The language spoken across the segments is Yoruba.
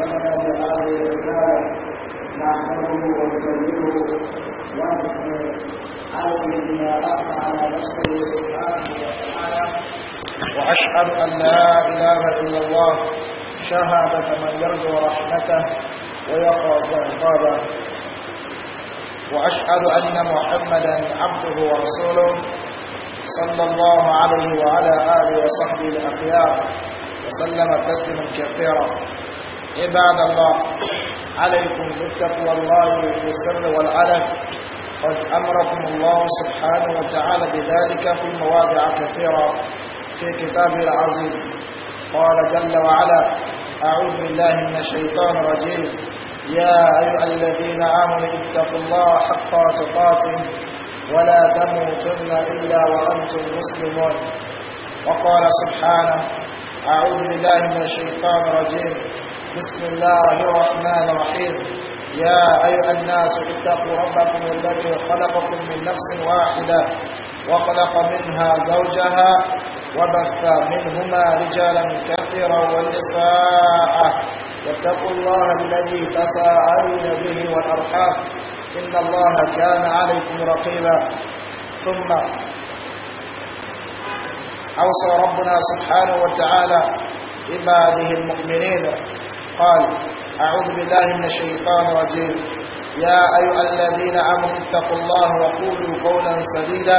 لنا بهذه الرسالة نحمده ونكرمه ونحمد عليه بما أخفى على نفسه سبحانه وتعالى وأشهد أن لا إله إلا الله شهادة من يرجو رحمته ويخاف عقابه وأشهد أن محمدا عبده ورسوله صلى الله عليه وعلى آله وصحبه الأخيار وسلم تسليما كثيرا عباد الله عليكم بتقوى الله والسر والعلم والعلن قد أمركم الله سبحانه وتعالى بذلك في مواضع كثيرة في كتابه العظيم قال جل وعلا أعوذ بالله من الشيطان الرجيم يا أيها الذين آمنوا اتقوا الله حق تقاته ولا تموتن إلا وأنتم مسلمون وقال سبحانه أعوذ بالله من الشيطان الرجيم بسم الله الرحمن الرحيم يا أيها الناس اتقوا ربكم الذي خلقكم من نفس واحدة وخلق منها زوجها وبث منهما رجالا كثيرا ونساء واتقوا الله الذي تساءلون به والأرحام إن الله كان عليكم رقيبا ثم أوصى ربنا سبحانه وتعالى عباده المؤمنين قال أعوذ بالله من الشيطان الرجيم يا أيها الذين آمنوا اتقوا الله وقولوا قولا سديدا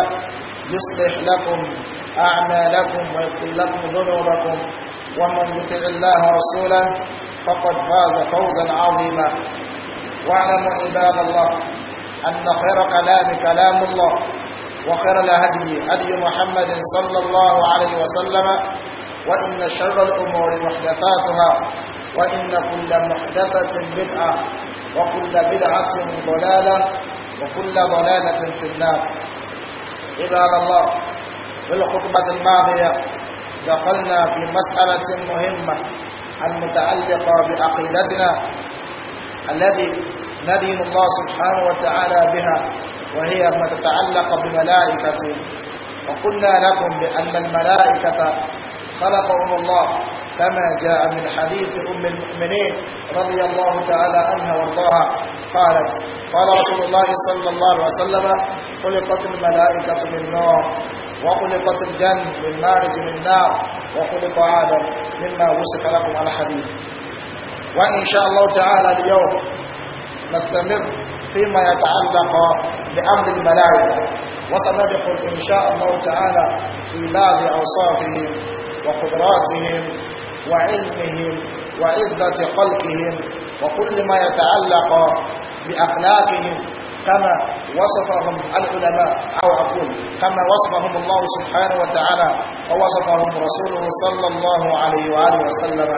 يصلح لكم أعمالكم ويغفر لكم ذنوبكم ومن يطع الله ورسوله فقد فاز فوزا عظيما واعلموا عباد الله أن خير كلام كلام الله وخير الهدي هدي محمد صلى الله عليه وسلم وإن شر الأمور محدثاتها وإن كل محدثة بدعة وكل بدعة ضلالة وكل ضلالة في النار عباد الله في الخطبة الماضية دخلنا في مسألة مهمة المتعلقة بعقيدتنا الذي ندين الله سبحانه وتعالى بها وهي ما تتعلق بملائكته وقلنا لكم بأن الملائكة خلقهم الله كما جاء من حديث أم المؤمنين رضي الله تعالى عنها وارضاها قالت قال رسول الله صلى الله عليه وسلم خلقت الملائكة من نار وخلقت الجن من مارج من نار وخلق آدم مما وصف لكم على حديث وإن شاء الله تعالى اليوم نستمر فيما يتعلق بأمر الملائكة وسندخل إن شاء الله تعالى في بعض أوصافهم وقدراتهم وعلمهم وعزة خلقهم وكل ما يتعلق بأخلاقهم كما وصفهم العلماء أو أقول كما وصفهم الله سبحانه وتعالى ووصفهم رسوله صلى الله عليه وآله وسلم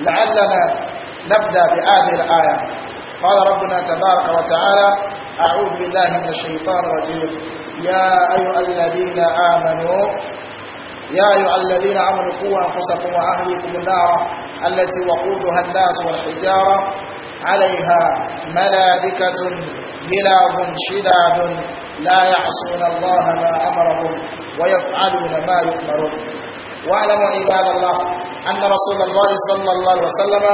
لعلنا نبدأ بهذه الآية قال ربنا تبارك وتعالى أعوذ بالله من الشيطان الرجيم يا أيها الذين آمنوا يا أيها الذين آمنوا قوا أنفسكم وأهليكم النار التي وقودها الناس والحجارة عليها ملائكة غلاظ شداد لا يعصون الله ما أمرهم ويفعلون ما يؤمرون واعلموا عباد الله أن رسول الله صلى الله عليه وسلم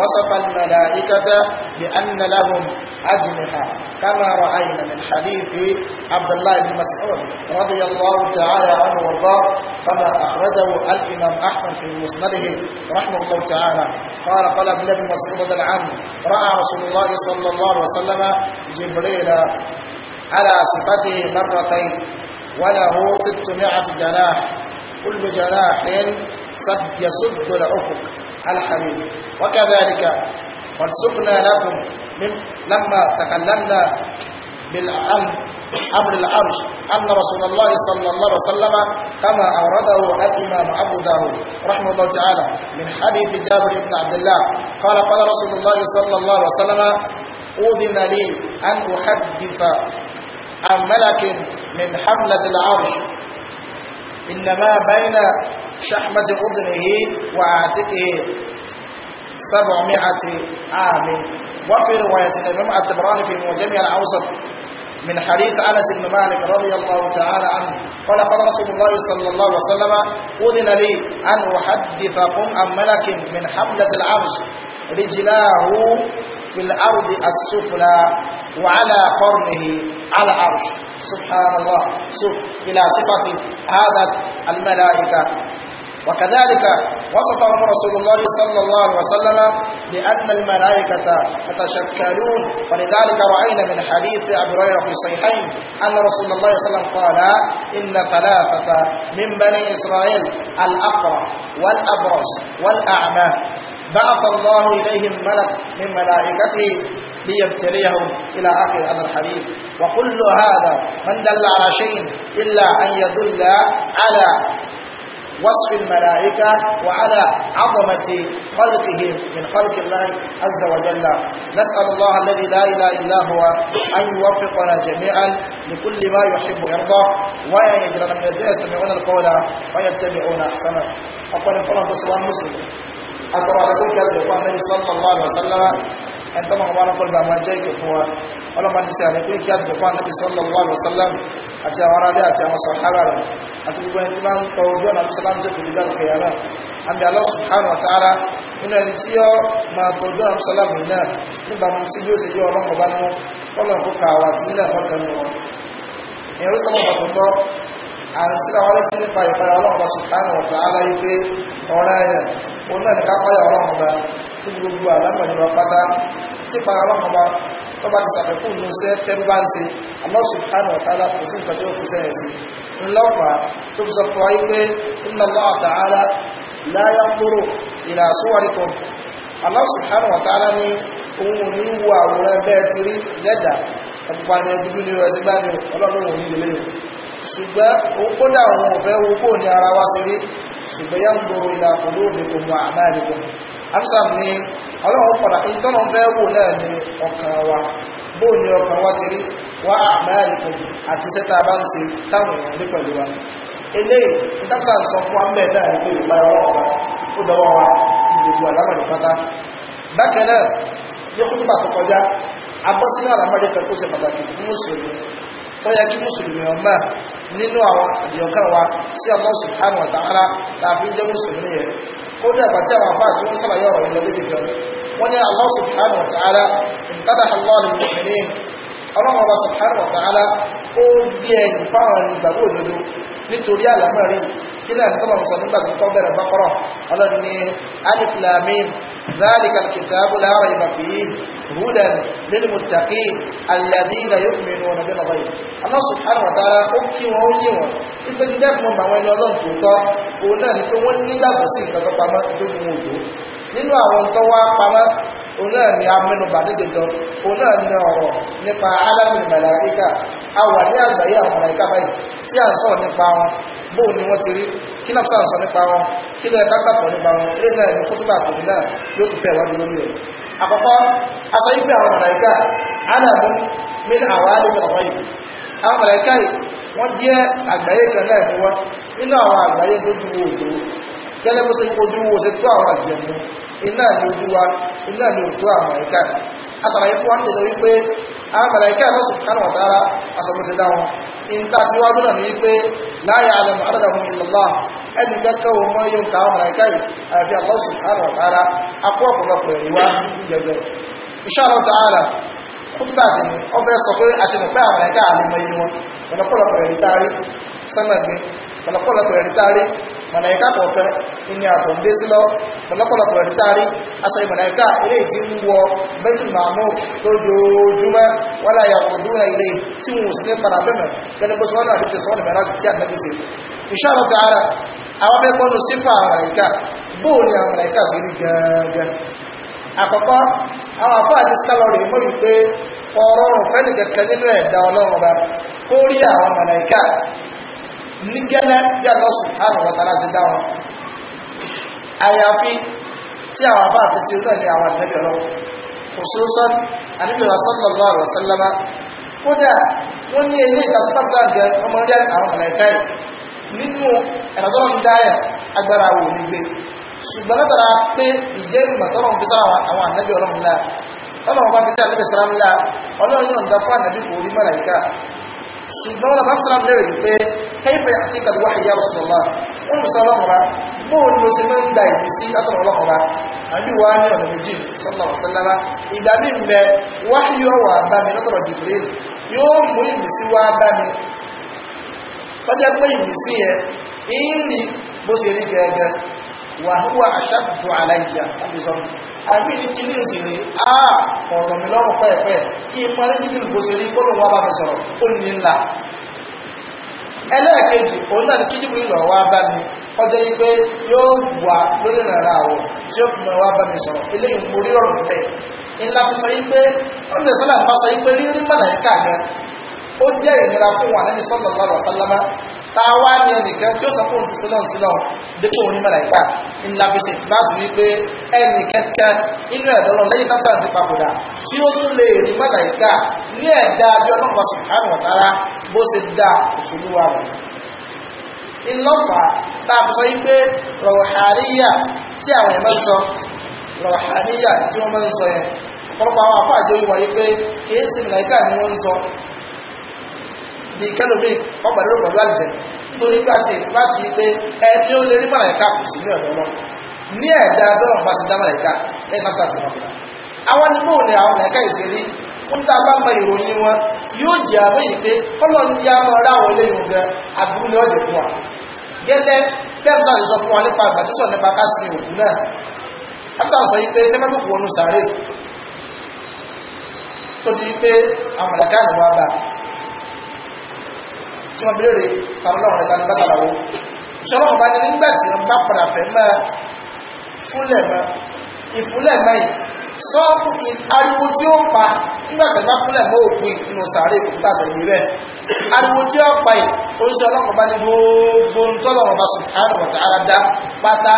وصف الملائكة بأن لهم أجنحة كما رأينا من حديث عبد الله بن مسعود رضي الله تعالى عنه وارضاه كما أخرجه الإمام أحمد في مسنده رحمه الله تعالى قال قال ابن بن مسعود رضي الله عنه رأى رسول الله صلى الله عليه وسلم جبريل على صفته مرتين وله 600 جناح كل جناح سد يسد الأفق الحميد وكذلك قد سبنا لكم من لما تكلمنا بالعلم أمر العرش أن رسول الله صلى الله عليه وسلم كما أورده الإمام أبو داود رحمه الله تعالى من حديث جابر بن عبد الله قال قال رسول الله صلى الله عليه وسلم أذن لي أن أحدث عن ملك من حملة العرش إنما بين شحمة أذنه وعاتقه سبعمائة عام وفي رواية الإمام الدبراني في معجم الأوسط من حديث أنس بن مالك رضي الله تعالى عنه قال قال رسول الله صلى الله عليه وسلم أذن لي أن أحدثكم عن ملك من حملة العرش رجلاه في الأرض السفلى وعلى قرنه على عرش سبحان الله شوف إلى صفة هذا الملائكة وكذلك وصفهم رسول الله صلى الله عليه وسلم بأن الملائكة يتشكلون ولذلك رأينا من حديث أبي هريرة في الصحيحين أن رسول الله صلى الله عليه وسلم قال إن ثلاثة من بني إسرائيل الأقرع والأبرص والأعمى بعث الله إليهم ملك من ملائكته ليبتليهم إلى آخر هذا الحديث وكل هذا من دل على شيء إلا أن يدل على وصف الملائكة وعلى عظمة خلقهم من خلق الله عز وجل نسأل الله الذي لا إله إلا هو أن يوفقنا جميعا لكل ما يحب ويرضى وأن يجعلنا من الذين يستمعون القول ويتبعون أحسنه أقول فلان سبحان مسلم أقرأ لكم كلمة النبي صلى الله عليه وسلم ẹ̀tọ́mọ̀ ọba alákọ̀ọ́lùbà máa jẹ́ ìkẹ̀ fún wa ọlọ́pàá ti ṣe àlékún kí àtìkẹ̀ fún ànábì sallallahu alaihi wasallam àti àwọn aráalé àti àwọn sàhábà rẹ̀ àti gbogbo ẹni tí máa ń tọ ojú ọ̀nà àbí sàlámù tó kùdú dáàbò kẹyà náà àmì Allah subhanahu wa ta'ala nínú ẹni tí yọ máa tọ ojú ọ̀nà àbí sàlámù yìí náà nígbà mú sí bí ó ṣe yọ ọlọ́pàá bá mú fọlọ́n kó ka wà tí ilẹ̀ ọ̀kan nù wọn. ẹ̀rọ níbi gbogbo àlámọ̀lẹ́wà pátá tí para ọlọ́run bá tó bá ti sàfẹ́kù ní iṣẹ́ tẹ́rú bá ń ṣe Allah subhanahu wa ta'ala kò sí nǹkan tí ó kù sẹ́yìn sí ńlọ́pàá tó sọ fún wa pé inna Allah ta'ala la yanzuru ila suwarikum Allah subhanahu wa ta'ala ní òun ò àwòrán bẹ́ẹ̀ ti rí lẹ́dà ọ̀pọ̀pọ̀ ni ẹdúdú ní ọ̀sẹ̀ bá ní ọlọ́run òun nílé lẹ́yìn ṣùgbọ́n òun kódà òun ò fẹ́ wo kó ní ara wa sí rí ṣùgbọ́n yanzuru ila qulubikum wa a'malikum amsa ni ọlọ́run padà èyí fẹ́ wò náà ni ọkàn wa bóò ni ọkàn wa ti rí wá àmáàlì kan àti sẹ́ta bá ń ṣe táwọn èèyàn ní pẹ̀lú wa eléyìí ìtàkùsà ń sọ fún náà ó dọwọ́ wa pátá bákan náà ní bá tó kọjá abọ́sílẹ̀ kan ṣe pàtàkì ó ní àgbà tí àwọn àpá àti wọ́n sàlàyé ọ̀rọ̀ ìlọ lédè gan wọ́n ní Allah subhanahu wa ta'ala tàdà Allah ní mọ̀mìnì ọlọ́run ọba subhanahu wa ta'ala ó bí ẹ̀yìn fáwọn ìgbàgbọ́ òdodo nítorí àlámọ̀rí kí náà nítorí àwọn sọ̀rọ̀ nígbà tó bẹ̀rẹ̀ bá kọ́rọ̀ ọlọ́run ní alif lam mim dhalika alkitabu la rayba هدى للمتقين الذين يؤمنون بالغيب الله سبحانه وتعالى أوكي وأولي wípé dídá mọ àwọn ẹni ọlọ́run tó tọ́ òun náà ni pé wọ́n nígbàgbọ́ sí nǹkan tó pamọ́ lójú wọn òjò nínú àwọn tó wá pamọ́ òun náà ni amẹnubà nídòjọ òun náà ni ọ̀rọ̀ nípa alámì màláíkà awà ní àgbáyé àwọn màláíkà báyìí tí à ń sọ̀rọ̀ nípa wọn bóun ni wọ́n ti rí kí náà sàn nípa wọn kí lóye ká gbàgbọ́ nípa wọn eré náà ni kótópà àtòmí náà yóò tún fẹ́ wájú lórí rẹ̀ àkọ́kọ́ aṣọ ìpé àwọn màláíkà ánàmú min àwáálé ọ̀rọ̀ yìí àwọn màláíkà yìí wọ́n jẹ́ àgbáyé kan náà fún wọn nínú àwọn àgbáyé tó ju òdo gẹ́lẹ́ bó ṣe ojú wo ṣe tó àwọn àjẹ̀mú iná ni ojú wa iná ni òtó àwọn màláíkà aṣàlàyé fún wọn tẹ̀lé wípé àwọn màláíkà náà subhanahu wa ta'ala aṣọ bó ṣe dá wọn ìta tí ẹni kẹ́kẹ́ o mọ́ yóò ká ọmọ ẹ̀ká yìí àyàfi Allah subhanahu wa ta'ala akọ́ ọ̀pọ̀lọpọ̀ ìwá jẹjọ Insha Allah ta'ala kúkútà dì ní ọbẹ̀ sọ pé àti nìpẹ́ àwọn ẹ̀ká àlímọ̀ yìí wọn ọ̀pọ̀lọpọ̀ ẹ̀rí tárí sẹ́mẹ̀gbẹ́ ọ̀pọ̀lọpọ̀ ẹ̀rí tárí mọ̀nàyíká kọ̀ọ̀kan ní àtọ̀ǹdé sí lọ ọ̀pọ̀lọpọ̀ ẹ̀rí tárí aṣọ ìmọ̀nàyíká ilé tí ń wọ Baitul Ma'mur lójoojúmọ́ wọ́n láyà ọ̀dúnrà ilé tí wọ́n sì ní padà bẹ́mẹ̀ gẹ́gẹ́ bó sọ́nà àti tẹ̀sán ìmọ̀nà ta'ala àwọn fẹ́ gbọ́nu sífà àwọn màláíkà bóò ni àwọn màláíkà sí rí gangan àkọ́kọ́ àwọn àfáà ti sálọ̀rì mọ́ rí pé ọ̀rọ̀rùn fẹ́ni kẹ̀kẹ́ nínú ẹ̀dá ọlọ́run ọba kó rí àwọn màláíkà ní gẹ́lẹ́ bí Allah sí dá wọn àyàfi tí àwọn àfáà fi sí náà ní àwọn àdínẹ́bí ọlọ́run kò sí ó sọ́n àdínẹ́bí sallallahu alaihi wa sallama kódà wọ́n ní ilé ìtàsípàtà gan nínú ẹ̀rọ̀tọ́rọ̀ ń dáyà agbára wò ní gbé ṣùgbọ́n látara pé ìjẹ́ ìmọ̀tọ́rọ̀ ń fi sára àwọn ànábì ọlọ́run láà tọ́lọ́run bá fi sí ànábì sára ńlá ọlọ́run yóò ń dá fún ànábì kò rí mọ̀láìkà ṣùgbọ́n Rasulullah wọn sọ ọlọ́run bá bóun ló ṣe máa ń gba ìdí sí látọ̀rọ̀ ọlọ́run bá àbí wàá ní ọ̀nà méjì sallallahu alaihi wasallam ìgbà mí mẹ mú ìmísí wá bá mi tọ́jẹ́ pé ìbísí yẹn ìrìn bó ṣe rí gẹ́gẹ́ wà húwà àṣàkùtù aláìyà àbí sọ àbí ní kí ní ìsìnrí àà ọ̀rọ̀ mi lọ́rùn pẹ́ẹ̀pẹ́ kí ipa ní jíbìrì bó ṣe rí kóló wà bá mi sọ̀rọ̀ ó ní ńlá ẹlẹ́ẹ̀kejì òun náà ó jẹ́ ìnira fún wa lẹ́yìn sọ́nà lọ́wọ́ sálámà tá a wá ní ẹnìkan tí ó sọ fún òtútù náà sílọ̀ dípò orí mẹ́láìkà ńlábísì bá sì wípé ẹnìkẹ́kẹ́ inú ẹ̀dọ́ lọ lẹ́yìn táwọn ti papòdà tí ó tún lè rí mẹ́láìkà ní ẹ̀dá bí ọlọ́pàá sì kánù ọ̀tára bó ṣe dá òṣèlú wa rẹ̀ ńlọ́fà tá a fi sọ wípé rọ̀hàníyà tí àwọn ẹ̀mọ́ sọ rọ̀hàníyà tí wọ́n mọ́ bí kẹlòmíì wọ́n pàdé ló pẹ̀lú àjẹ́ nítorí gbà tí ìfà sí pé ẹni ó lè rí màláìka kù sí ní ọ̀dọ́ náà ní ẹ̀dá bẹ́ẹ̀ bá sì dá màláìka ẹ̀ náà sàtì wọn. àwọn nígbà òní àwọn màláìka yìí ṣe rí fún tá a bá mọ ìròyìn wọn yóò jẹ́ àbẹ́ yìí pé kọ́lọ́n bí a mọ ra àwọn eléyìí gan àbúrú ni ọ̀dẹ̀ fún wa. gẹ́lẹ́ tẹ́m sáà ti sọ fún wa nípa àgbàjọsọ nípa ká sin òkú náà afisa sọ yìí pé sẹ́mẹ́tò kù wọnú sàárè tó di pé àwọn màláìka ni wọ́n bá a tí wọ́n bèèrè àwọn ọlọ́run ẹ̀ta ní bàtàlà wo ìṣọ́lọ́run bá ní nígbà tí wọ́n bá padà fẹ́ máa fúnlẹ̀ mọ́ ìfúnlẹ̀ mọ́ yìí sọ́ọ̀kù ariwo tí ó ń pa nígbà tí wọ́n bá fúnlẹ̀ mọ́ òpin nínú sàárè òkúta sọ ìwé bẹ́ẹ̀ ariwo tí ó pa yìí ó ń ṣe ọlọ́run bá ní gbogbo ntọ́lọ́run bá subhanahu wa ta'ala dá pátá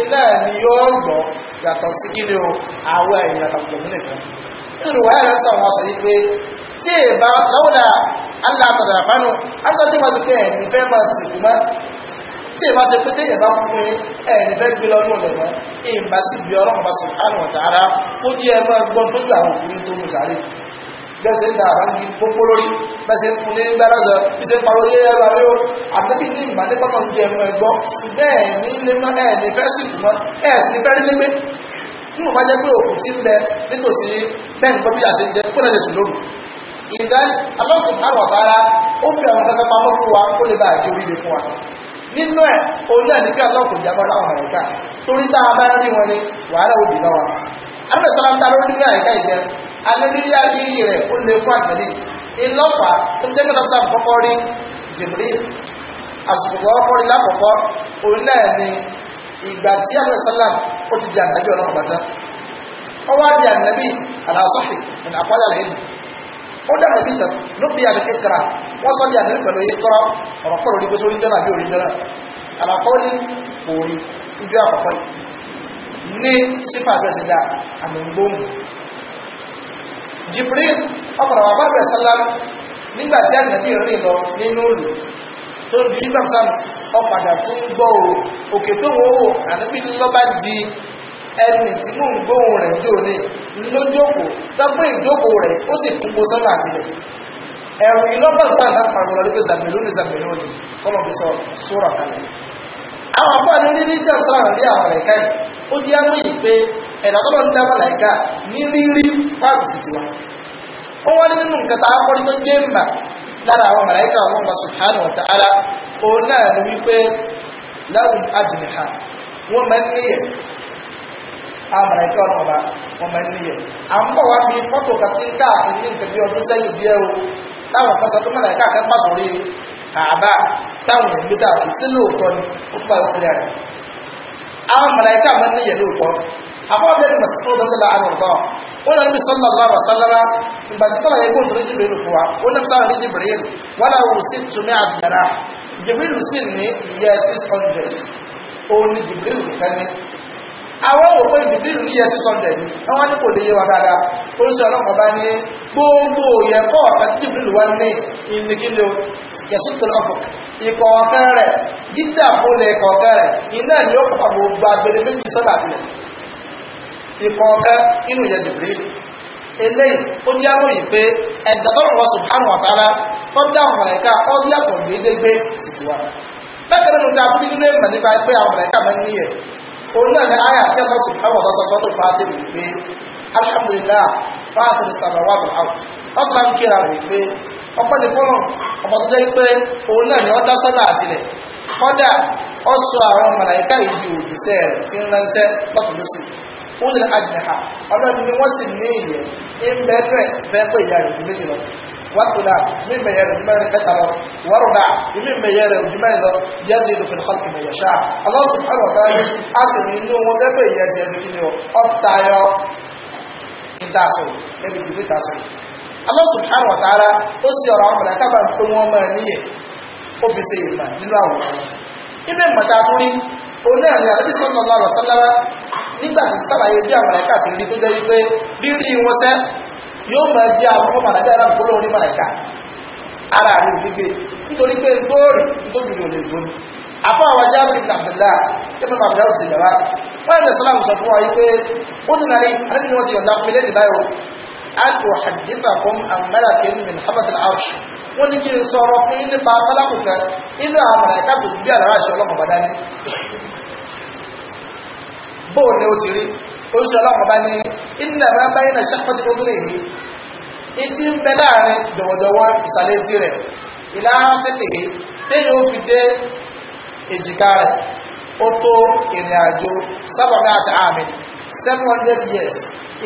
iná ni yóò gbọ́ yàtọ̀ sí kí ni o àwọn èèyàn àtàkùn tí ìbá lọ́wọ́lá aláàtàdà fánú aṣọ́dé máa sọpé ẹ̀yìn fẹ́ máa sì kú mọ́ tí ìbá ṣe pé téèyàn bá fún pé ẹ̀yìn fẹ́ gbé lọ́dún ọ̀lẹ̀ mọ́ ìbá sì bí ọlọ́run bá sì hánù ọ̀tà di ẹ máa gbọ́n tó ju àwọn òkùnrin tó mú sáré bẹ́sẹ̀ ń da àbáńgí gbogbo lórí bẹ́sẹ̀ ń fún ní gbẹ́lọ́sọ bí ṣe ń parọ́ yé ẹwà rí o àtẹ́bí ní ìgbà nípa náà ń jẹ ẹnu ẹgbọ́ ṣùgbọ́n bá jẹ́ pé òkú ti ń bẹ nítòsí bẹ́ẹ̀ ń gbọ́ bí àṣẹ jẹ́ kó sùn lóru ìdán alọ́sùn àwọn ọ̀tara ó fi àwọn kankan pamọ́ fún wa ó lè bá àjò oríire fún wa nínú ẹ̀ òun náà ní bí alọ́kùn ìjábọ̀ láwọn àyíká torí tá a bá rí wọn ni wàhálà òbí náà wa àwọn ìsọ̀rọ̀ ń ta lórí nínú àyíká ìjẹ alẹ́rírí àrírí rẹ̀ ó lè fún àgbẹ̀lẹ̀ ìlọ́fà tó jẹ́ pẹ́ta sáà kọ́kọ́ rí jìbìrí àsìkò kọ́kọ́ rí lákọ̀ọ́kọ́ òun náà ni ìgbà tí àwọn ìsọ̀rọ̀ ó ti di ànábì ọlọ́pàá bàtà ọwọ́ àdì ànábì ìnàkọ́jà lẹ́yìn ọdọ àwọn ibi tán ló bí àmì kékeré wọn sọ bí àmì pẹ̀lú ikọrọ ọ̀rọ̀ pọrọ orí gbèsè orí dẹrẹ àbí orí dẹrẹ àlàkọ ní kò rí ojú àkọ́kọ́ yìí ní sífà bẹsẹ dá àmì gbóhùn Jibril ọkọrọ bàbá rẹ sálám nígbà tí ànàbí rìn lọ nínú òlù tó ń di yúgbàm sam ọpadà fún gbọ́ òkè tó wọ́n wò ànàbí lọ́ba di ẹni tí mò ń gbóhùn rẹ̀ yóò ní lójókòó lọ́gbọ́n ìjókòó rẹ̀ ó sì kún gbó sọ́mà àtìlẹ̀ ẹ̀rù ìlọ́pàá sáàdá pàrọ̀ lórí pé zàbẹ̀lú ní zàbẹ̀lú ní kọ́mọ̀ fi sọ sọ́rọ̀ kalẹ̀ àwọn afọ́ ní jẹ́ àwọn ẹ̀ka yìí ó yìí pé ẹ̀dá ń ní rírí sí tiwa ó ní nínú nǹkan tá a kọ́ ní tó lára àwọn màláìka ọlọ́run amàlẹ́kẹ́ ọ̀nà ọba wọn máa ń níyẹ̀ à ń bọ̀ wá fi fọ́tò kan káàkiri ní nǹkan bí ọdún sẹ́yìn díẹ̀ o táwọn kan sọ pé màlẹ́kẹ́ àkẹ́ pàṣọ rí kàbá táwọn èèyàn gbé dàbí sí lóòótọ́ ni ó tún bá yọ rẹ̀ àwọn màlẹ́kẹ́ àmọ́ níyẹ̀ lóòótọ́ àfọ́bẹ̀rẹ̀ mọ̀síkúndọ́dọ́lá àrùntọ́ wọ́n lọ́nà mísọ́lá lọ́rọ̀ sálára ìgbàtí sára ní jìbìrìlù wọ́n láwọ̀ sí àwọn wò pé ìdìbìrì ní yẹsí sọ̀dẹ̀ àwọn ní kò lè yé wa dáadáa oríṣi ọlọ́run ọba ní gbogbo òye ẹ̀kọ́ ọ̀kan tí ìdìbìrì wá ní ìnìkílò yẹsí tó lọ́kọ̀ ikọ̀ ọ̀kan rẹ̀ dídà bólẹ̀ ikọ̀ ọ̀kan rẹ̀ iná ni ó pọ̀ gbogbo agbèrè méjì sọ́dà tilẹ̀ ikọ̀ ọ̀kan nínú ìyẹn ìdìbìrì eléyìí ó jẹ́ àròyìn pé ẹ̀dá tọ́lọ̀ subhanahu wa ta'ala tọ́jú àwọn mọ̀lẹ́ká ọdún yàtọ̀ gbédégbé sì ti wá. bẹ́ẹ̀ kẹ́lẹ́ ló ta bí nínú ìmọ̀ nípa pé àwọn mọ̀lẹ́ká máa ń níyẹ̀ òun náà ni àyà tí Allah subhanahu wa ta'ala sọ́tò fàátì rẹ̀ pé alhamdulillah fàátì sàbàwà bẹ̀ áwù ń kíra rẹ̀ pé fọ́nà ọmọ tó jẹ́ pé òun náà dá sọ́nà kọ́dà sọ àwọn ìdí rẹ̀ tí ń ránṣẹ́ ó ọlọ́ni ni وثلاث مما يرى جمال بشر واربع مما يرى جمال يزيد في الخلق ما يشاء الله سبحانه وتعالى أسر إنه ودبي يزيد كنيو أبتايو إنتاسو إبتي بتاسو الله سبحانه وتعالى أسير عملا كما أنتم ومانية أبسي إما nínú àwọn ibẹ̀ mọ̀ta tó rí oní àrẹ àrẹ́bí sallallahu alaihi wasallam nígbà tí sàlàyé bí àwọn ti rí tó jẹ́ wípé rírí wọn sẹ́ yóò máa jẹ́ àwọn ọmọ àdájá ẹ̀rọ àgbóló orí màlàíkà ara rẹ̀ gbígbé nítorí pé gbóòrì nítorí òde ìdúró àfọ àwọn ajá bí nàbìlá ẹgbẹ́ màbìlá ò sì yàrá wọn ní sọlá sọ fún wa yìí pé ó ní nàlẹ́ àti ní wọ́n ti yọ̀ǹda fún mi lẹ́nu báyọ̀ àti òhàdìfà fún amẹ́làkè min hamadan arsh wọ́n ní kí n sọ̀rọ̀ fún yín nípa abálákù inú àwọn màlàíkà tó gbé àlàrà àṣẹ ọlọ́mọ bá dání bóun ni ó ti rí oṣù ọlọ́mọ bá ní inna ma bayna shaqqati udhnihi etí ń bẹ láàrin dọ̀wọ̀dọ̀wọ̀ ìsàlẹ̀ etí rẹ̀ ìlànà tètè téèyàn ó fi dé èjìká rẹ̀ ó tó ìrìn àjò sábàmì àti àmì seven hundred years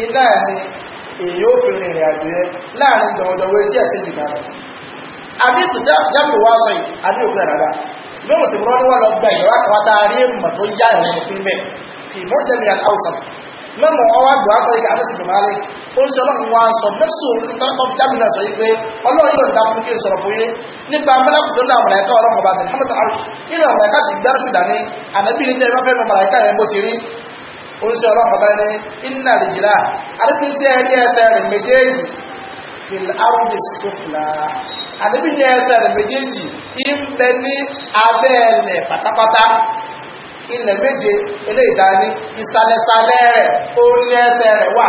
iná ẹni èyí ó fi rìn ìrìn àjò yẹn láàrin dọ̀wọ̀dọ̀wọ̀ etí ẹ̀sẹ̀ èjìká rẹ̀ àbí ètò jáfẹ́ wá sọ yìí àbí òkú ẹ̀rọ̀dá lóòrùn tí wọ́n wá lọ gba ìyàwó àkàwátá rí èèmọ̀ tó yá ìrìn òfin bẹ́ẹ̀ kì í mọ́ mọ́mọ́ wọn wá gbọ́ àpọ̀ ìgbà àbẹ̀sẹ̀ ìgbàmálẹ̀ ó ń sọ ọlọ́run wá ń sọ mẹ́sùn ìtọ́lọ́pọ̀ jámìnà sọ pé ọlọ́run yóò dá fún kí n sọ̀rọ̀ fún yé nípa mẹ́lẹ́kù tó ní àwọn màláìka ọlọ́run ọba tẹ̀lé mọ́tò àrùn nínú àwọn màláìka sì gbẹ́rùsù dání ànábì ní tẹ́lẹ̀ fẹ́ mọ́ màláìka yẹn bó ti rí ó ń ọlọ́run ọba ilẹ̀ méje eléyìí dání ìsàlẹ̀sàlẹ̀ rẹ̀ ó ní ẹsẹ̀ rẹ̀ wà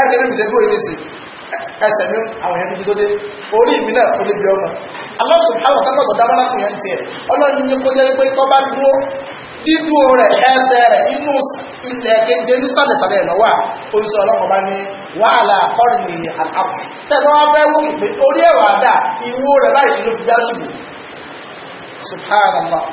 ẹsẹ̀ mi ṣe gbóyè ní sí ẹsẹ̀ mi àwọn ẹni dídó orí mi náà kò lè bí ọmọ Allah subhanahu kápọ̀tọ̀ dámọ́lá kò yẹn tiẹ̀ ọlọ́run ní kó jẹ́ pé tó bá dúró dídúró rẹ̀ ẹsẹ̀ rẹ̀ inú ilẹ̀ keje nísàlẹ̀sàlẹ̀ rẹ̀ oṣù ní wàhálà ní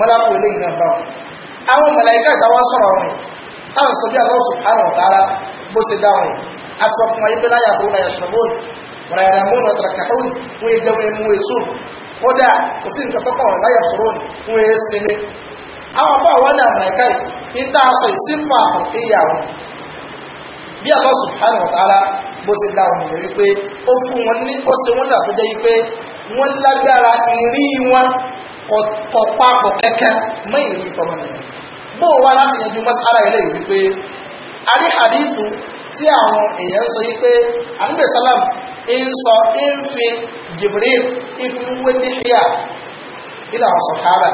mọ́lápù ilé ìrìn àbá àwọn màláíkà ìtawà sọ̀rọ̀ wọn táwọn sọ bí Allah subhanahu wa ta'ala bó ṣe dá wọn àti sọ fún ayé bẹ́lá yàgò náà yashrabun wọ́n yàrá mú náà tàrà kàhún wọ́n yẹ jẹun ẹmu èso kódà kò sí nǹkan tọ́kàn wọn láyà sọ̀rọ̀ wọn yẹ sinmi àwọn afọ àwọn náà màláíkà ìta aṣọ ìsìnkú àkùnkéyà wọn bí Allah subhanahu wa ta'ala bó ṣe dá wọn nìyẹn wípé ó fún wọn ní ó ṣe wọn dà tó jẹ́ wípé wọ́n lágbára ìrí wọn kọ papọ̀ kẹ́kẹ́ mọ́ ìrìn tọmọ nìyẹn bó wá láti yanjú mọ́sára ilé ìwé pé a rí hadithu tí àwọn èèyàn ń sọ yí pé àníbẹ̀ sálàm ń sọ ń fi Jibril ìfúnwé níhìyà ilẹ̀ àwọn sọ̀hábà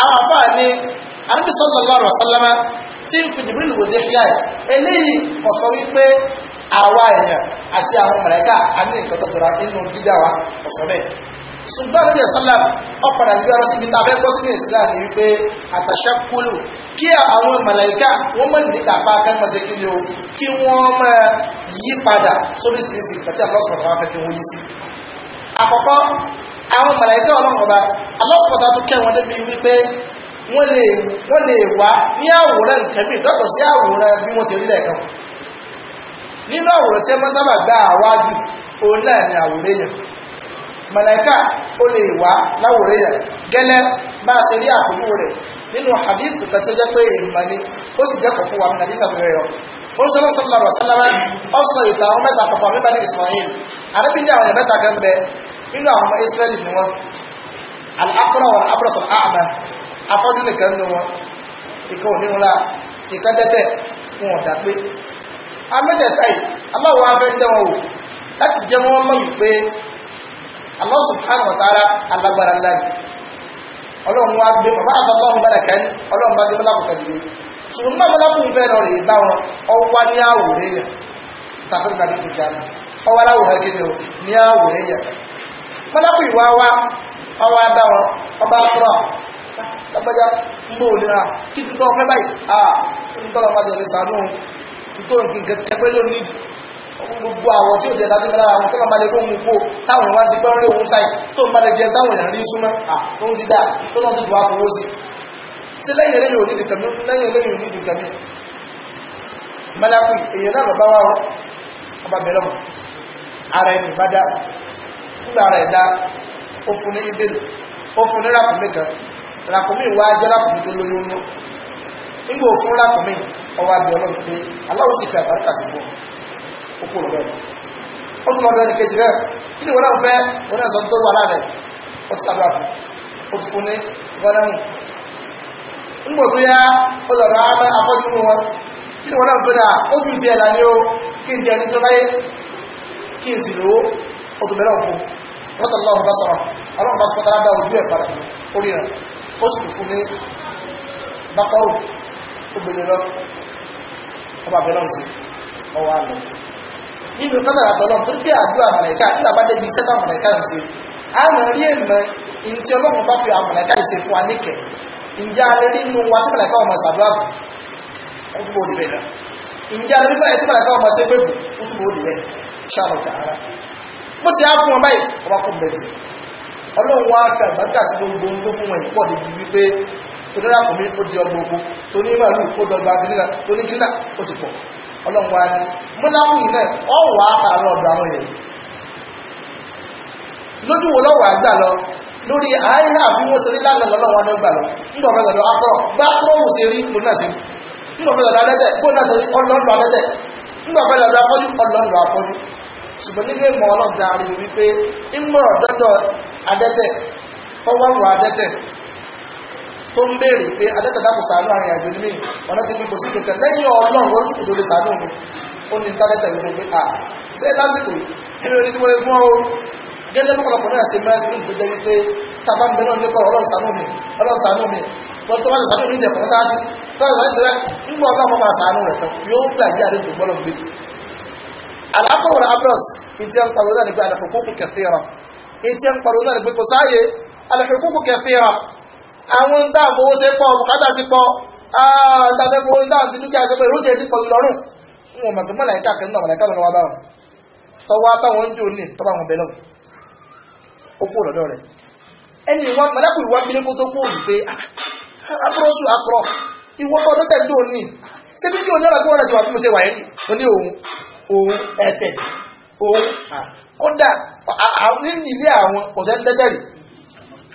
àwọn afáà ní àníbẹ̀ sallallahu alaihi wasallam tí ń fi Jibril wò níhìyà eléyìí kò sọ wípé àwa èèyàn àti àwọn mọ̀lẹ́kà a ní nǹkan jọra nínú dídá wa kò sọ bẹ́ẹ̀ ṣùgbọ́n níbi ìsìlám ọ̀padà gbé ọ̀rọ̀ síbi tá a fẹ́ gbọ́ sínú ìsìlám ni wípé àtàṣà kúlù kí àwọn màláíkà wọ́n mọ̀ ní kápá akẹ́kọ̀ọ́sẹ́ kí ni o kí wọ́n máa yí padà sórí ìsinsìn nǹkan tí àlọ́ sọ̀rọ̀ fẹ́ kí wọ́n yí sí. àkọ́kọ́ àwọn màláíkà ọlọ́run ọba alọ́sọ̀tà tó kẹ́ wọn débi wípé wọ́n lè wọ́n lè wá ní àwòrán nǹkan mìíràn ni àwòrán màláíkà ó lè wá láwòrẹ́ yẹn gẹ́lẹ́ bá a ṣe rí àpòjú rẹ̀ nínú hadith kan tó jẹ́ pé èèmà ni ó sì jẹ́ kọ̀ fún wa ní hadith àbúrẹ́ rẹ̀ ó ń sọ́lọ́ sọ́lọ́ rọ̀ sálámà ó sọ ìta àwọn mẹ́ta àpapọ̀ mẹ́ta ní Israel àdébí ní àwọn èèyàn mẹ́ta kan bẹ nínú àwọn ọmọ Israel ni wọn al-aqra wal abras afọ́jú nìkan nínú wọn ìkan onírúnlá ìkan dẹ́tẹ̀ wọn ọ̀dà pé amẹ́tẹ̀ẹ̀ta yìí aláwọ̀ afẹ́ tẹ́wọn wò láti jẹ́ wọn mọ̀ wípé Allah subhanahu wa ta'ala alágbára ńlá ni ọlọ́run wá gbé bàbá àtọ́lọ́run mẹ́rẹ̀ kẹ́ni ọlọ́run bá gbé mọ́lápù pẹ̀lú mi ṣùgbọ́n náà mọ́lápù ń bẹ̀rẹ̀ rẹ̀ bá wọn ọwá ní àwòrán èèyàn tàbí kàdé tó ti àná ọwá láwòrán gidi o ní àwòrán èèyàn mọ́lápù ìwà wa ọwá bá wọn ọba fúnra lọ́gbọ́já ń kí tuntun ọ̀fẹ́ báyìí gbogbo àwọn tí ó jẹ́ dájú lára àwọn tọ́lá máa lè kó ohun kó táwọn ìwà ti pẹ́ ń rí ohun sáì tó máa lè jẹun táwọn èèyàn rí súnmọ́ tó ń ti tó náà ti dùn àpò lẹ́yìn lẹ́yìn èèyàn náà wa ọba bẹ̀rẹ̀ mọ̀ ara ẹni bá dá nígbà ara ó fún ní ibèlè ó fún ní kan wá jẹ́ tó òkú rẹ̀ ó tún lọ́dọ̀ ẹnìkejì rẹ̀ kí ni wọ́n náà fẹ́ wọ́n náà sọ tó wà láàrẹ̀ ó ti sàdúrà fún ó ti fún ní gọ́lẹ́mù nígbà tó yá ó lọ́dọ̀ àmọ́ afọ́jú mú wọn kí ni wọ́n náà fẹ́ náà ó ju ti ẹ̀là ni ó kí n ti ẹni tó láyé kí n sì lò ó ó tún bẹ̀rẹ̀ òkú wọ́n tàn lọ́wọ́ bá sọ̀rọ̀ ọlọ́run bá sọ dá ojú ẹ̀ padà ó rí rẹ̀ ó sì fún ní bákọ́rù ó nínú kádàrà tọ́lọ́ tó pé àdúrà mọ̀lẹ́ká nígbà bá débi iṣẹ́ táwọn mọ̀lẹ́ká ń ṣe a mọ̀ rí èèmọ̀ ní tí ọlọ́run bá fi àwọn mọ̀lẹ́ká ṣe fún wa níkẹ̀ ǹjẹ́ a lè rí inú wa tí mọ̀lẹ́ká ọmọ ṣàdúrà fún ó túbọ̀ òdì bẹ́ẹ̀ ǹjẹ́ a lè rí mọ̀lẹ́ká tí mọ̀lẹ́ká ọmọ ṣe pé fún ó túbọ̀ òdì bẹ́ẹ̀ ṣàlùkà ara bó ṣe á fún wọn báyìí ọba kò bẹ̀rẹ̀ ọlọ́run wa kà bàtà sí gbogbo ohun tó fún wọn ìpọ̀ débi wípé torí àpò mi ó di ọgbogbo torí màlúù ó dọgba ọlọ́run wa ní múnáwù yìí náà ọ wà á padà lọ ọ̀dọ̀ àwọn èèyàn lójú wo lọ́wọ́ àgbà lọ lórí àárín àbí wọ́n ṣe rí lánàá lọ́lọ́wọ́ náà gbà lọ nígbà fẹ́ lọ́dọ̀ akọ́rọ̀ gbá kúròwù sí rí kó náà sí nígbà fẹ́ lọ́dọ̀ adẹ́tẹ̀ kó náà sí rí ọlọ́nu adẹ́tẹ̀ nígbà fẹ́ lọ́dọ̀ afọ́jú ọlọ́nu afọ́jú ṣùgbọ́n nínú ìmọ̀ ọlọ́run dáa wípé ìmọ̀ ọ̀dọ́dọ̀ adẹ́tẹ̀ tó ń béèrè pé adẹ́tẹ̀dá kò sàánú àrìn àjò ní mìíràn ọ̀nà ti fi kò sí kẹ̀kẹ́ lẹ́yìn ọlọ́run wọ́n tún kò lè sàánú mi ó ní tálẹ́tẹ̀ mi pé à ṣé lásìkò ẹ̀mí oní tí wọ́n lè fún ọ gẹ́gẹ́ bí ọ̀pọ̀lọpọ̀ náà ṣe máa ń sinú ìgbẹ́jẹ́ wípé tábà ń bẹ náà nípa ọlọ́run sàánú mi ọlọ́run sàánú mi wọ́n tó bá ti sàánú mi jẹ̀ fọ́nká sí tọ́lá ìṣẹ̀lẹ̀ nígbà ọlọ́run máa sàánú rẹ̀ tán yóò gbàgbé àdéhùn gbọ́dọ̀ gbé alákọ̀wọ̀n abros ìtí ẹ̀ ń pariwo náà ní pé alẹ́kùnkùn kẹfìrà ìtí ẹ̀ ń pariwo náà àwọn tá à ń fowó ṣe pọ̀ bùkátà sí pọ̀ àtàfẹ́ fowó tá à ń fi dúkìá ṣe pé ìrújẹ sí pọ̀ lọ́rùn ń wọ̀n màgbé mọ̀láìkà kan náà mọ̀láìkà lọ́wọ́ bá wọn tọwọ́ bá wọn jò ní tọ́ba wọn bẹ̀rẹ̀ ó kú lọ́dọ̀ rẹ̀ ẹni wọn mọ̀lẹ́kùn ìwà mi lẹ́kọ́ tó kú òní pé abúrọ́sù ah, akọrọ ìwọ́ tọ́ lọ́tẹ̀ jò ní ṣé fífi òní ọ̀là tó wọ́n rẹ̀ ti wà fún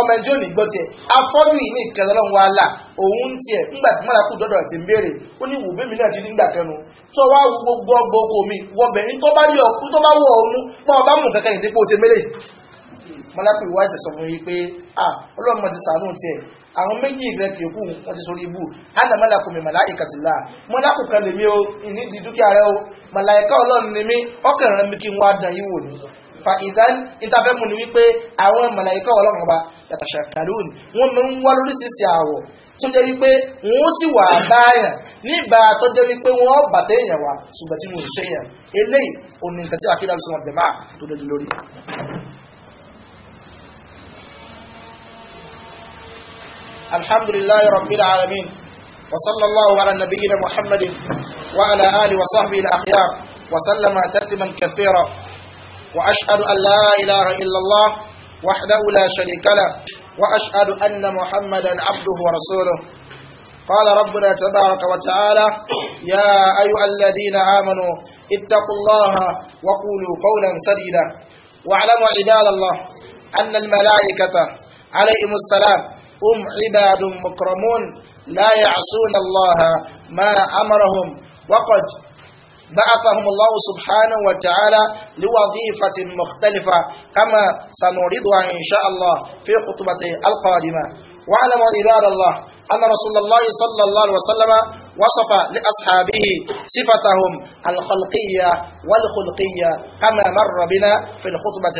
ọmọ ẹjọ́ ní gbọ́ tiẹ̀ afọ́jú yìí ní ìkẹta ọlọ́run wa là òun tiẹ̀ ńgbà tí mọ́ra kù dọ́dọ̀ àti béèrè ó ní wùbí mi náà ti nígbà kẹnu tó wá wo gbogbo ọgbọ oko mi wọbẹ̀ ní tó bá rí ọkú tó bá wọ ọmú pọ́n ọba mú kankan ìdípò ṣe mélè mọ́lápù ìwá ẹ̀sẹ̀ sọ fún yìí pé à ọlọ́run mọ̀ ti sàánú tiẹ̀ àwọn méjì rẹ̀ kì í kú wọ́n ti sórí ibù ánà mọ́lápù mi màlá ìkàtìlá mọ́lápù kan lèmi o ìnídìí dúkìá rẹ o màlá ìka ọlọ́run ni mí ọkàn rẹ̀ mi kí n wá dàn yín wò ni fa ìdán ìtafẹ́mù ni wípé àwọn màláíkà ọlọ́run ọba yàtàṣàkàlùn wọ́n mọ̀ ń wá lóríṣiríṣi àwọ̀ tó jẹ́ wípé wọ́n sì wà báyàn nígbà tó jẹ́ wípé wọ́n bàtẹ́ èèyàn wá ṣùgbọ́n tí mo ń ṣèyàn eléyìí òní nǹkan tí àkídà lùsùn ọ̀dẹ̀ máa tó lójú lórí. alhamdulillahi rabbil alamin wa sallallahu ala nabiyyina muhammadin wa ala alihi wa sahbihi al-akhyar wa sallama tasliman kathira وأشهد أن لا إله إلا الله وحده لا شريك له وأشهد أن محمدا عبده ورسوله قال ربنا تبارك وتعالى يا أيها الذين آمنوا اتقوا الله وقولوا قولا سديدا واعلموا عباد الله أن الملائكة عليهم السلام هم عباد مكرمون لا يعصون الله ما أمرهم وقد بعثهم الله سبحانه وتعالى لوظيفة مختلفة كما سنريدها إن شاء الله في خطبة القادمة واعلموا عباد الله أن رسول الله صلى الله عليه وسلم وصف لأصحابه صفتهم الخلقية والخلقية كما مر بنا في الخطبة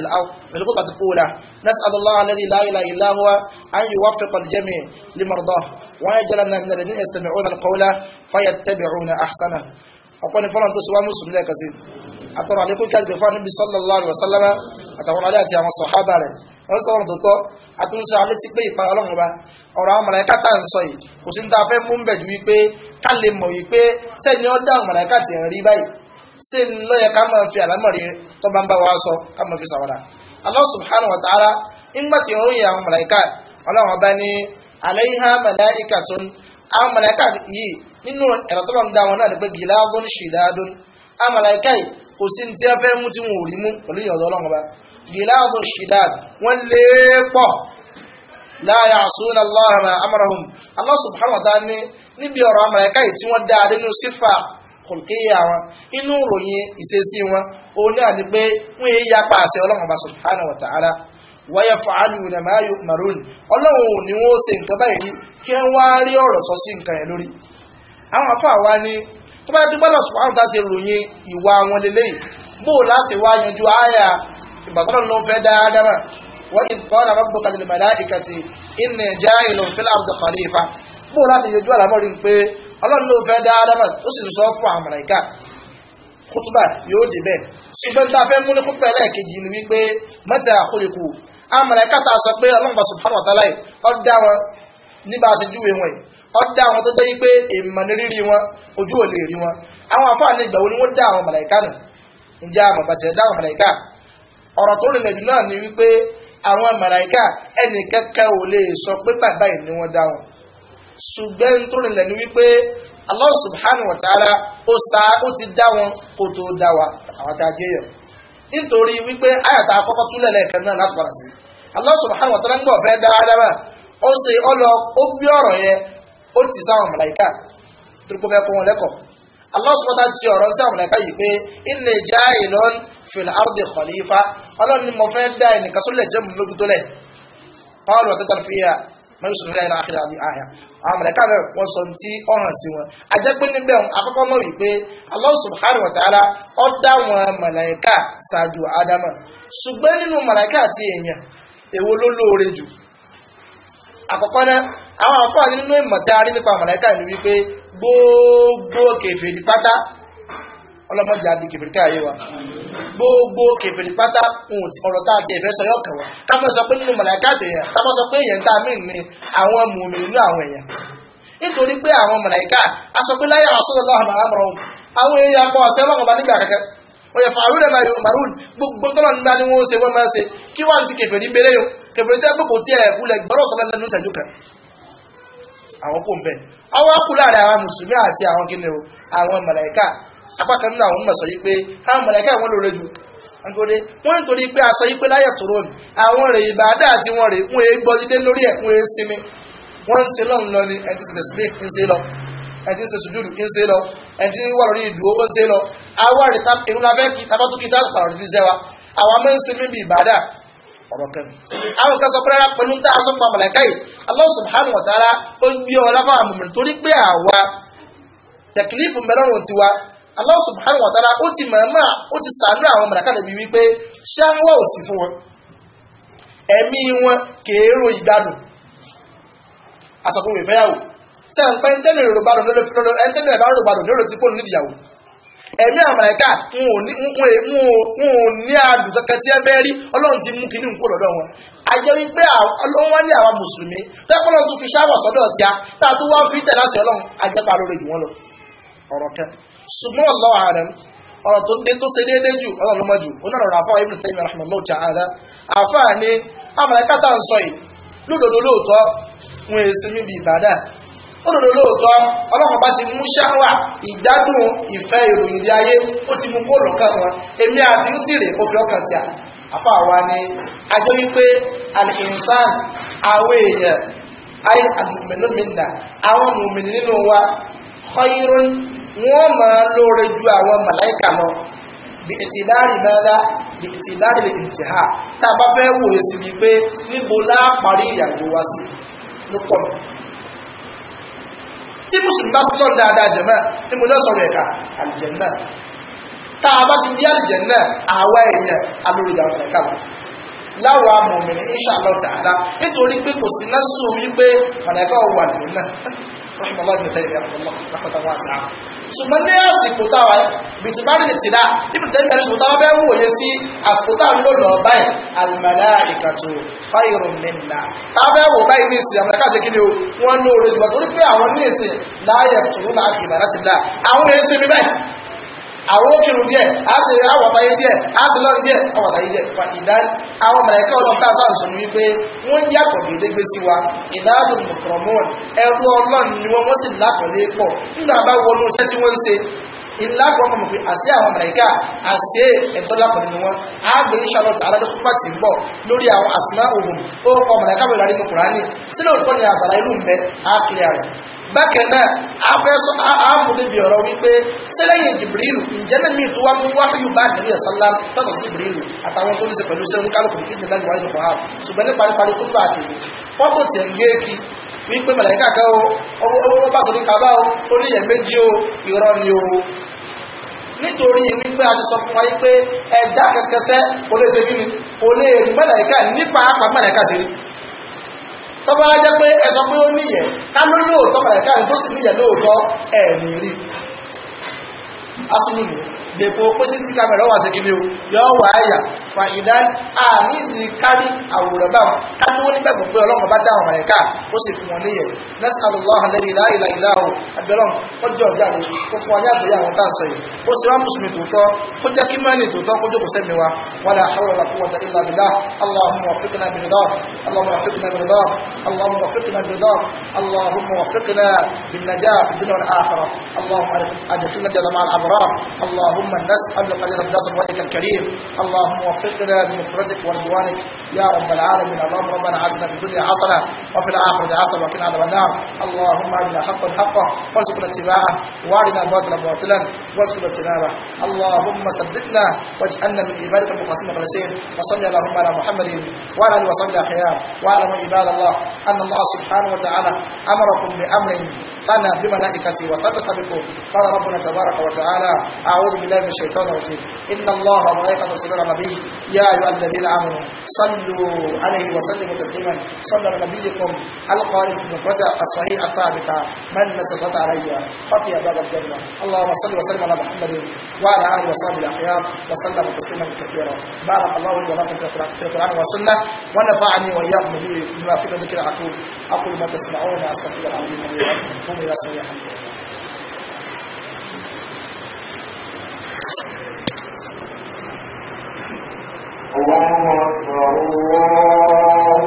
في الخطبة الأولى نسأل الله الذي لا إله إلا هو أن يوفق الجميع لمرضاه ويجعلنا من الذين يستمعون القول فيتبعون أحسنه ọ̀pọ̀ ní fọ́lọ́n tó sọ wá mùsùlùmí lẹ́ẹ̀kan sí àtọ̀rọ̀ àlékún kí àgbẹ̀fọ́ níbi sallallahu alaihi wasallam àtàwọn alẹ́ àti àwọn sọ̀hábà rẹ̀ wọ́n sọ̀rọ̀ tó tọ́ àtúnṣe alẹ́ ti pé ìpayà ọlọ́run ba ọ̀rọ̀ bá ní alayha màláíkà tó àwọn màláíkà yìí nínú ẹ̀rọ tọ́lọ̀ ń dá wọn náà ni pé gíláàbọ̀n ṣìdáàdún amàlàíkà yìí kò sí tí a fẹ́ mú tí wọn ò rí mú pẹ̀lú ìyọ̀dọ̀ ọlọ́run ọba gíláàbọ̀n ṣìdáàdún wọ́n lé pọ̀ la ya'suna Allaha ma amarahum Allah subhanahu níbi ọ̀rọ̀ amàlàíkà yìí tí wọ́n dá adé nínú sífà ni pé wọ́n yé ya ọlọ́run àwọn àfáà wa ni tó bá dúpẹ́ lọ sùpàrù tá a ṣe ròyìn ìwà wọn lélẹ́yìn bó o láṣẹ wá yanjú àyà ìgbàsọ́nà ló ń fẹ́ dáadáa wọ́n ti tọ́ ọ̀nà rọ́gbọ̀n kàtìlì màláìkàtì ìnà ìjà ìlú fílà àrùn khalifa bó o láṣẹ yanjú àlámọ́rí pé ọlọ́run ló fẹ́ dáadáa ó sì sọ fún àwọn màláìkà kútùbà yóò dé bẹ́ẹ̀ ṣùgbọ́n tá a fẹ́ mú ní kúpẹ́ ni wípé mẹ́ta àkórìkù àwọn màláìkà sọ pé ọlọ́run bá subhanahu wa ta'ala ọ̀dá wọn ní bá a ṣe wọn Ọ dá àwọn tó jẹ́ pé èèmọ̀ ní rírí wọn ojú ò lè rí wọn àwọn àfáàní ìgbà wo ni wọ́n dá àwọn màláìka nù ǹjẹ́ àmọ̀ bàtẹ̀ dá àwọn màláìka ọ̀rọ̀ tó rìnlẹ̀ jù náà ni wípé àwọn màláìka ẹnì kẹ́kẹ́ ò lè sọ pé bàbá yìí ni wọ́n dá wọn tó rìnlẹ̀ ni wípé ti dá wọn kó tó dá wa àwọn tá a ó ti sáwọn mọ̀láìkà torípò fẹ́ kó wọn lẹ́kọ̀ọ́ Allah subhanahu ti ọ̀rọ̀ sí àwọn mọ̀láìkà yìí pé inni ja'ilun fil ardi khalifa ọlọ́run ni mo fẹ́ dá ẹnìkan sólẹ̀ tí ó mú lójú tó lẹ̀ paul wà tẹ́tà fìyà mẹ́sùn nílẹ̀ iná àkìrà àbí àyà àwọn mọ̀láìkà bẹ̀ wọ́n sọ ti ọ̀hàn sí wọn àjẹ́ pé níbẹ̀ wọn mọ̀láìkà ṣáájú ádámà ṣùgbọ́n nínú àwọn àfáàní nínú ìmọ̀ tí a rí nípa màláíkà ni wípé gbogbo kèfèrí pátá ọlọ́mọdé àdì kèfèrí káyé wa gbogbo kèfèrí pátá ohun tí ọ̀rọ̀ tá a ti ẹ̀fẹ́ sọ yọ̀ kàn wá táwọn sọ pé nínú màláíkà tèèyàn táwọn sọ pé èèyàn tá a mìíràn ni àwọn mùmí nínú àwọn èèyàn nítorí pé àwọn màláíkà a sọ pé láyé àwọn sọ́dọ̀ lọ́hàn máa mọ̀rọ̀ àwọn èèyàn pọ̀ ọ̀sẹ̀ mọ́kànlá nígbà gbogbo tọ́lọ̀ nígbà ni wọ́n ṣe wọ́n máa ṣe kí wọ́n ti kèfèrí bẹ̀rẹ̀ yọ kèfèrí tẹ́ pé kò tiẹ̀ wulẹ̀ gbọ́rọ̀ sọ́lẹ̀ lẹ́nu ìṣẹ́jú kan àwọn kò ń bẹ̀ àwọn akú láàrin àwọn mùsùlùmí àti àwọn kí ni o àwọn màláíkà apá kan nínú àwọn mọ̀ sọ yí pé àwọn màláíkà wọn lóore jù agbóde wọn nítorí pé aṣọ yí pé láyẹ̀ sọ̀rọ̀ ni àwọn rè ìbàdà àti wọn rè wọn èé gbọ́dídé lórí ẹ̀ wọn èé sinmi wọn ń se lọ́run lọ ni ẹni tí ṣe sílẹ̀ ń ṣe lọ ẹni tí ṣe sùdúrù ń ṣe lọ ẹni tí wà lórí ìdúró ń ṣe lọ àwa rè Allah subhanahu wa ta'ala ó gbé ọlá fáwọn mùmìnì torí pé àwa tẹ̀kìlífù mẹ́lọ́rùn tiwa Allah subhanahu wa ta'ala ó ti mọ̀ọ́mọ́ ó ti sàánú àwọn mọ̀láká débi wípé ṣáwọ́ ò sí fún wọn ẹ̀mí wọn kèérò ìgbádùn àsọkùnrin ìfẹ́yàwó tẹ́ ń pẹ́ ntẹ́lẹ̀ rògbàdùn lọ́rọ̀ tí kò ní ìdíyàwó ẹ̀mí àmàlẹ́kà wọn ò ní àdùn kankan tí ẹ bẹ́ẹ̀ rí ọlọ́run ti mú kinní nǹkó lọ́dọ̀ wọn àjẹ́ wípé ọlọ́run wá ní àwa mùsùlùmí tẹ́kọ̀ọ́ tó fi ṣáwọ̀ sọ́dọ̀ tí a tá a tó wá ń fi tẹ̀lé àṣẹ ọlọ́run àjẹpà lórí jù wọ́n lọ ọ̀rọ̀ kẹ ṣùgbọ́n ọlọ́run ààrẹ ọ̀rọ̀ tó dé tó ṣe déédéé jù ọlọ́run ló mọ̀ jù ó náà rọ̀ àfáà ibùdó tẹ́yìn rahmanullah ta'ala àfáà ni amọ̀lẹ́ká tá à ń sọ yìí lódodo lóòótọ́ wọn è sinmi bí ìbàdà lódodo lóòótọ́ ọlọ́run bá ti mú ṣáwà ìgbádùn ìfẹ́ ìròyìn ilé ayé ó ti mú kó lọ́kàn wọn èmi àti ń sì rè ó ọkàn tí a àfàwà ni ajọ́ wípé al-insan àwọn èèyàn ay al-mu'minu minna àwọn mùmìnì nínú wa khayrun wọ́n máa lóore ju àwọn màláìkà lọ bí ìtìláàrí mẹ́lá bí ìtìláàrí lè ìtìhà tá a bá fẹ́ wòye sí ni pé níbo láàparí ìyàwó wa sí ló pọ̀ mọ́ tí mùsùlùmí bá sí lọ́nà dáadáa jẹ̀mọ́ ní mo lọ́sọ̀rọ̀ ẹ̀ka àlùjẹ̀ náà tá a bá ti ní àlìjẹ náà àwa èèyàn alóríga mọ̀lẹ́kà lọ láwọn amọ̀mìnì inshallah ta'ala nítorí pé kò sí náà sùn wípé mọ̀lẹ́kà ò wà lónà rahmatulah bin tayyib rahmatulah rahmatulah wasa ṣùgbọ́n ní àsìkò táwa bìtì bá rìn tìlá níbi tẹ́lẹ̀ tẹ́lẹ̀ ṣùgbọ́n táwa bẹ́ẹ̀ wòye sí àsìkò táwa ló lọ báyìí al-malaikatu khayrun minna táwa bẹ́ẹ̀ wò báyìí ní ìsìn àmàlẹ́kà ṣe kí o wọ́n lóore jùlọ torí pé àwọn ní ìsìn láàyè tòun náà ìbàdàn ti dá àwọn mi báyìí àwọn òkèrùn díẹ̀ a sì àwọ̀tayé díẹ̀ a sì lọ́rin díẹ̀ àwọ̀tayé díẹ̀ fa ìdá àwọn mẹ̀lẹ́kẹ́ ọlọ́run tá a sáà sọ ní wípé wọ́n yàtọ̀ gbèdégbé sí wa ìdáàdùn mọ̀tọ̀rọ̀mọ́ọ̀n ẹrú ọlọ́run ni wọ́n wọ́n sì lápọ̀lé pọ̀ nígbà bá wọnú iṣẹ́ tí wọ́n ń ṣe ìlàkọ̀ọ́mọ̀ mọ̀ pé àṣẹ àwọn mẹ̀ríkà àṣẹ ẹ̀tọ́lápọ̀lẹ̀ ni wọ́n á gbé ìṣàlọ́tà aládọ́kúpà tí ń bọ̀ lórí àwọn àṣìmá òhun ó kọ mẹ̀ríkà mẹ́rin nínú kùránì sílẹ̀ òkúkọ́ ni àṣàlá ìlú ń bẹ á kílẹ̀ rẹ̀ bákan náà afẹ́sọ àmúlébi ọ̀rọ̀ wípé sẹ́lẹ̀yìn jìbìrìlù ǹjẹ́ náà mi tó wá mú wáyù bá àdìrí ẹ̀sánlá tọ́tọ̀ sí jìbìrìlù àtàwọn tó ní ṣe pẹ̀lú sẹ́wọ́n kálukú kí ní láti wáyé lọ́pọ̀ ààrùn ṣùgbọ́n ní paríparí tó fà àdìrí fọ́tò tí ẹ̀ ń gé kí wípé màláìkà kan o ó bá sọ ní o ó ní ìyẹn o irọ́ ni o nítorí wípé a ti sọ fún wa yí pé ẹ̀dá kẹkẹsẹ́ olóṣèlú ni olè màláìkà nípa àpá màláìkà sí rí tọ́ba jẹ́ pé ẹ sọ pé ó níyẹ̀ ká ló lóòótọ́ màláìka tó sì níyẹ̀ lóòótọ́ ẹ̀ ní rí asúlù dèpò pósí tí kámẹ́rà wà sí kí ni o yọ wà áyà fa ìdá àmì ìdí kárí àwòrán bá wọn kájú wọn nígbàgbọ́ pé ọlọ́run bá dá àwọn rẹ̀ ká ó sì fún wọn níyẹn nẹ́sàlú lọ́hàn lẹ́yìn ìlà ìlà ìlà o abẹ́lọ́n kọjọ́ ọjà rẹ̀ kó fún wa ní àgbéyà àwọn tá à ń sọ yìí ó sì wá mùsùlùmí tòótọ́ kó jẹ́ kí mẹ́rin اللهم قليل رب بنصر وجهك الكريم اللهم وفقنا بمفردك ورضوانك يا رب العالمين اللهم ربنا عزنا في الدنيا حسنة وفي الآخرة حسنة وقنا عذاب النار اللهم أرنا حقا حقا وارزقنا اتباعه وارنا باطلا باطلا وارزقنا اجتنابه اللهم صدقنا واجعلنا من عبادك المخلصين المخلصين وصل اللهم على محمد وعلى اله وصحبه الاخيار واعلموا عباد الله ان الله سبحانه وتعالى امركم بامر فانا بملائكتي وثبت بكم قال ربنا تبارك وتعالى أعوذ بالله من الشيطان الرجيم إن الله وملائكته يصلون على النبي يا أيها الذين آمنوا صلوا عليه وسلموا تسليما صلى نبيكم القائم في المفرزة الصحيح الثابتة من مسكت علي خطي باب الجنة اللهم صل وسلم على محمد وعلى آله وصحبه الأخيار وسلم تسليما كثيرا بارك الله لي ولكم في القرآن والسنة ونفعني وإياكم بما في ذكر أقول أقول ما تسمعون أستغفر الله العظيم الإنسان إلى سمع الله أكبر الله